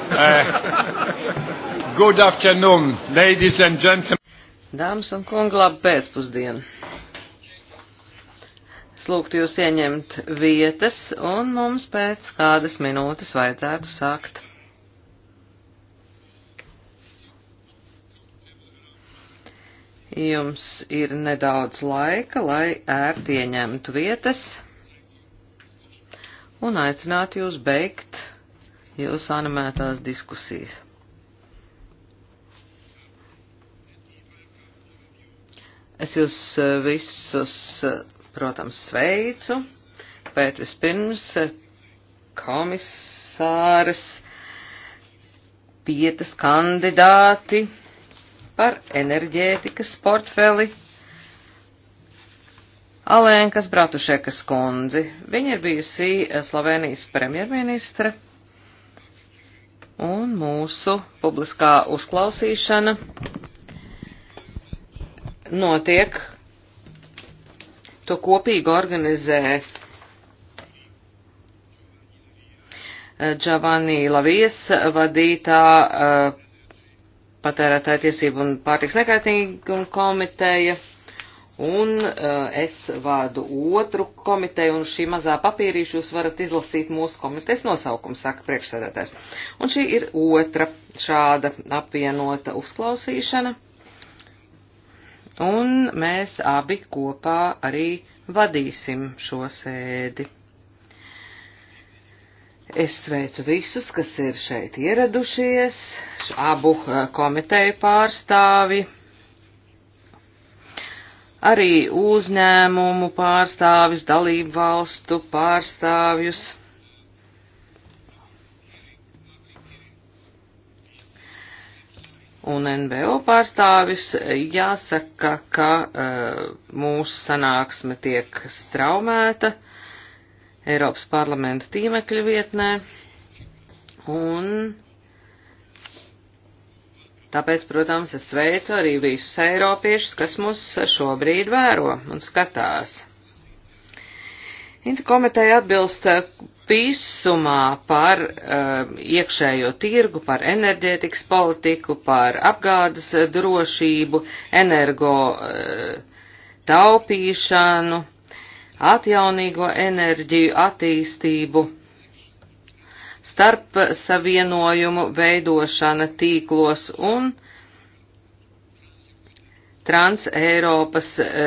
Uh, good afternoon, ladies and gentlemen. Dāmas un kungi, labu pēcpusdienu. Es lūgtu jūs ieņemt vietas, un mums pēc kādas minūtes vajadzētu sākt. Jums ir nedaudz laika, lai ērti ieņemtu vietas un aicinātu jūs beigt jūsu animētās diskusijas. Es jūs eh, visus, eh, protams, sveicu, bet vispirms eh, komisāras pietas kandidāti par enerģētikas portfeli Alēnkas Bratušekas kundzi. Viņa ir bijusi Slovenijas premjerministre un mūsu publiskā uzklausīšana notiek. To kopīgi organizē Džavani eh, Lavijas vadītā eh, patērētāja tiesību un pārtiks nekaitīguma komiteja un uh, es vādu otru komiteju, un šī mazā papīrīša jūs varat izlasīt mūsu komitejas nosaukumu, saka priekšsēdētājs. Un šī ir otra šāda apvienota uzklausīšana, un mēs abi kopā arī vadīsim šo sēdi. Es sveicu visus, kas ir šeit ieradušies, abu eh, komiteju pārstāvi arī uzņēmumu pārstāvis, dalību valstu pārstāvjus. Un NVO pārstāvis jāsaka, ka uh, mūsu sanāksme tiek straumēta Eiropas parlamenta tīmekļa vietnē, un Tāpēc, protams, es sveicu arī visus eiropiešus, kas mūs šobrīd vēro un skatās. Interkomiteja atbilst eh, visumā par uh, iekšējo tirgu, par enerģētikas politiku, par apgādes drošību, energo uh, taupīšanu, atjaunīgo enerģiju attīstību starp savienojumu veidošana tīklos un Trans-Eiropas e,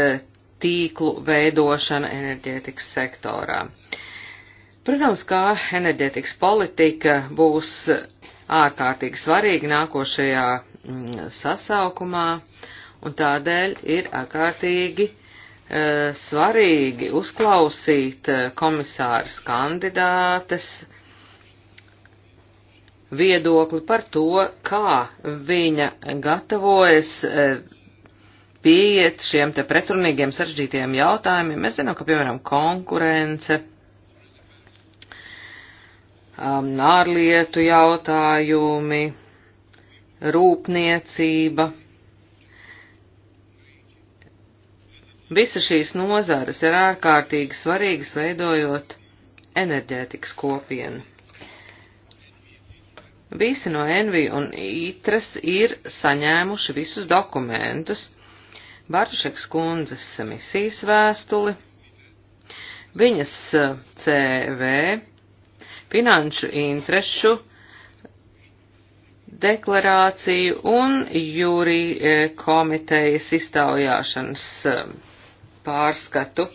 tīklu veidošana enerģētikas sektorā. Protams, kā enerģētikas politika būs ārkārtīgi svarīga nākošajā mm, sasaukumā, un tādēļ ir ārkārtīgi e, svarīgi uzklausīt e, komisāras kandidātes, viedokli par to, kā viņa gatavojas eh, pieiet šiem te pretrunīgiem sarežģītiem jautājumiem. Mēs zinām, ka, piemēram, konkurence, um, ārlietu jautājumi, rūpniecība. Visa šīs nozares ir ārkārtīgi svarīgas veidojot enerģētikas kopienu. Visi no Envi un Itras ir saņēmuši visus dokumentus. Bartušeks kundzes misijas vēstuli, viņas eh, CV, finanšu interešu deklarāciju un jūri eh, komitejas iztaujāšanas eh, pārskatu,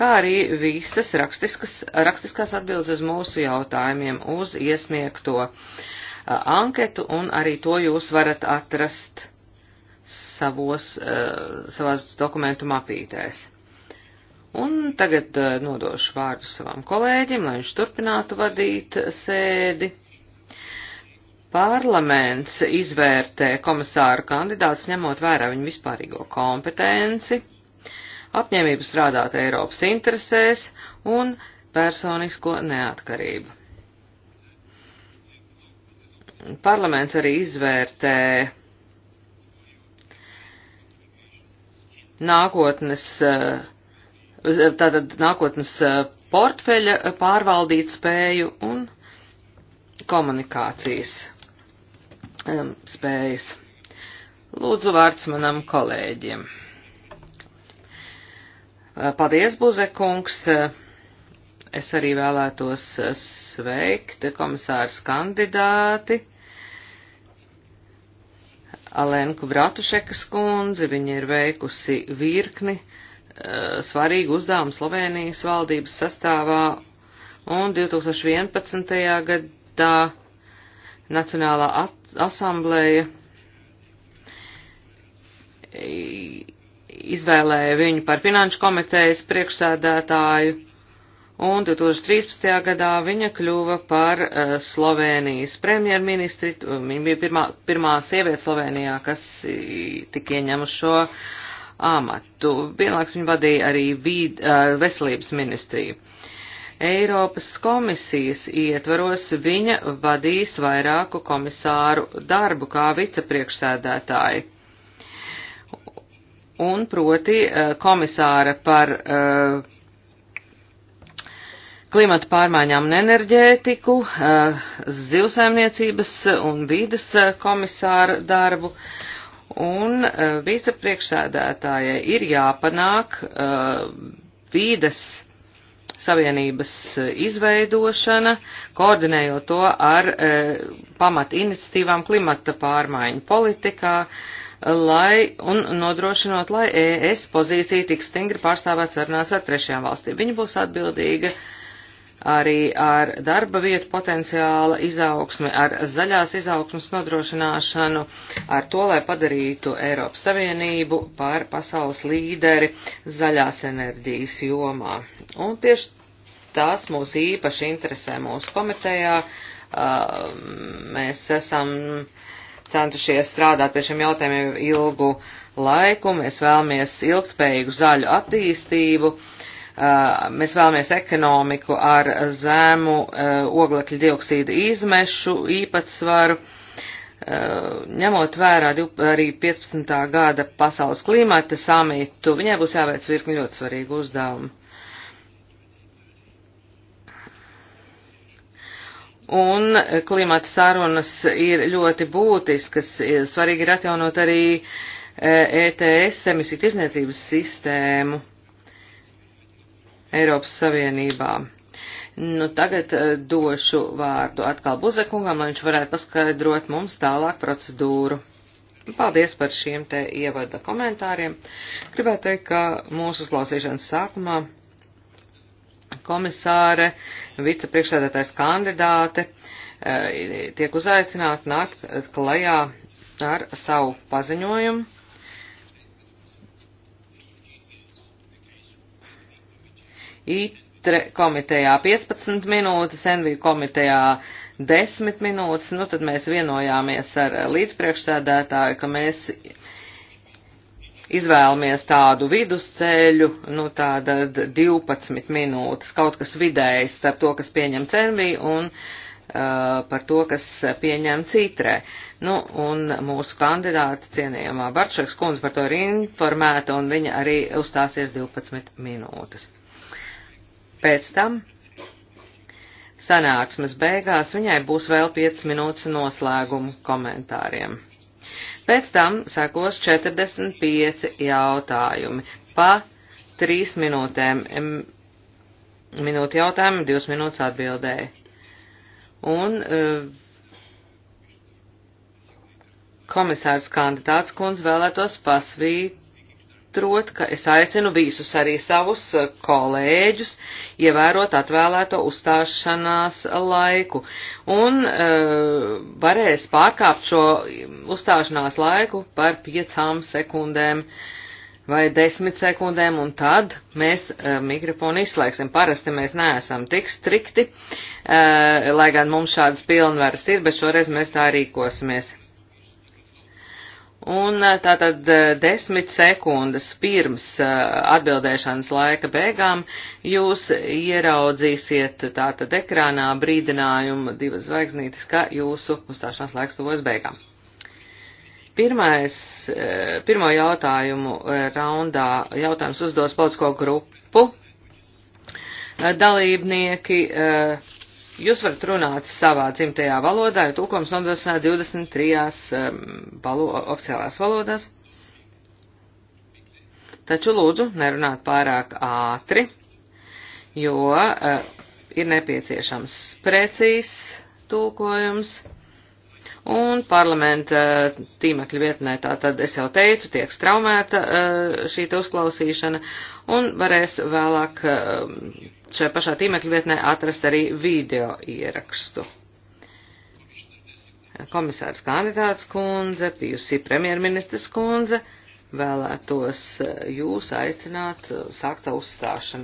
kā arī visas rakstiskas, rakstiskās atbildes uz mūsu jautājumiem uz iesniegto uh, anketu, un arī to jūs varat atrast savos, savās dokumentu mapītēs. Un tagad nodošu vārdu savam kolēģim, lai viņš turpinātu vadīt sēdi. Parlaments izvērtē komisāru kandidātus, ņemot vērā viņu vispārīgo kompetenci, apņēmību strādāt Eiropas interesēs un personisko neatkarību. Parlaments arī izvērtē nākotnes, eh, tātad nākotnes eh, portfeļa pārvaldīt spēju un komunikācijas spējas. Lūdzu vārds manam kolēģiem. Eh, paldies, Buzekungs. Es arī vēlētos sveikt komisārs kandidāti. Alenku Bratušekas kundzi, viņa ir veikusi virkni e, svarīgu uzdevumu Slovenijas valdības sastāvā, un 2011. gadā Nacionālā asamblēja izvēlēja viņu par finanšu komitejas priekšsēdētāju un 2013. gadā viņa kļuva par uh, Slovenijas premjerministri. Viņa bija pirmā, pirmā sieviete Slovenijā, kas tika ieņem šo amatu. Vienlaiks viņa vadīja arī vid, uh, eh, veselības ministriju. Eiropas komisijas ietvaros viņa vadīs vairāku komisāru darbu kā vicepriekšsēdētāji un proti eh, komisāra par uh, klimata pārmaiņām un enerģētiku, eh, zivsaimniecības un vīdas eh, komisāra darbu. Un eh, vicepriekšsēdētājai ir jāpanāk vīdes savienības izveidošana, koordinējot to ar pamat iniciatīvām klimata pārmaiņu politikā, lai un nodrošinot, lai ES pozīcija tik stingri pārstāvēt sarunās ar trešajām valstīm. Viņa būs atbildīga uh, arī ar darba vietu potenciāla izaugsmi, ar zaļās izaugsmas nodrošināšanu, ar to, lai padarītu Eiropas Savienību par pasaules līderi zaļās enerģijas jomā. Un tieši tās mūs īpaši interesē mūsu komitejā. Mēs esam centušies strādāt pie šiem jautājumiem ilgu laiku, mēs vēlamies ilgspējīgu zaļu attīstību. Uh, Uh, mēs vēlamies ekonomiku ar zēmu uh, oglekļa dioksīda izmešu īpatsvaru, uh, ņemot vērā arī 15. gada pasaules klimata samitu, viņai būs jāveic virkni ļoti svarīgu uzdevumu. Un klimata sarunas ir ļoti būtiskas, svarīgi ir atjaunot arī ETS emisiju tirzniecības sistēmu. Eiropas Savienībā. Nu, tagad uh, došu vārdu atkal Buzekungam, lai viņš varētu paskaidrot mums tālāk procedūru. Paldies par šiem te ievada komentāriem. Gribētu teikt, ka mūsu uzklausīšanas sākumā komisāre, vicepriekšsēdētājs kandidāte eh, tiek uzaicināti nākt klajā ar savu paziņojumu ITRE komitejā 15 minūtes, NV komitejā 10 minūtes, nu tad mēs vienojāmies ar līdzpriekšsēdētāju, ka mēs izvēlamies tādu vidusceļu, nu tāda 12 minūtes, kaut kas vidējs starp to, kas pieņem cenvī un uh, par to, kas pieņem citrē. Nu, un mūsu kandidāta cienījamā Barčeks kundze par to ir informēta, un viņa arī uzstāsies 12 minūtes. Pēc tam sanāksmes beigās viņai būs vēl 5 minūtes noslēgumu komentāriem. Pēc tam sekos 45 jautājumi pa 3 minūtēm. Minūte jautājumi, 2 minūtes atbildēja. Un eh, komisārs kandidāts kundze vēlētos pasvīt pasvītrot, ka es aicinu visus arī savus eh, kolēģus ievērot atvēlēto uzstāšanās laiku un e, varēs pārkāpt šo uzstāšanās laiku par piecām sekundēm vai desmit sekundēm, un tad mēs e, mikrofonu izslēgsim. Parasti mēs neesam tik strikti, e, lai gan mums šādas pilnvaras ir, bet šoreiz mēs tā rīkosimies. Un eh, tātad eh, desmit sekundes pirms eh, atbildēšanas laika beigām jūs ieraudzīsiet tātad ekrānā brīdinājumu divas zvaigznītes, ka jūsu uzstāšanās laiks tuvojas beigām. Pirmais, pirmo jautājumu raundā jautājums uzdos politisko grupu dalībnieki. Uh, Jūs varat runāt savā dzimtajā valodā, jo tulkojums nodrošinā 23 valo, oficiālās valodās. Taču lūdzu nerunāt pārāk ātri, jo uh, ir nepieciešams precīzs tulkojums. Un parlamenta e, tīmekļa vietnē, tā tad es jau teicu, tiek straumēta e, šī uzklausīšana un varēs vēlāk šai pašā tīmekļa vietnē atrast arī video ierakstu. Komisārs kandidāts kundze, bijusī premjerministras kundze, vēlētos eh, jūs aicināt eh, sākt savu uzstāšanu.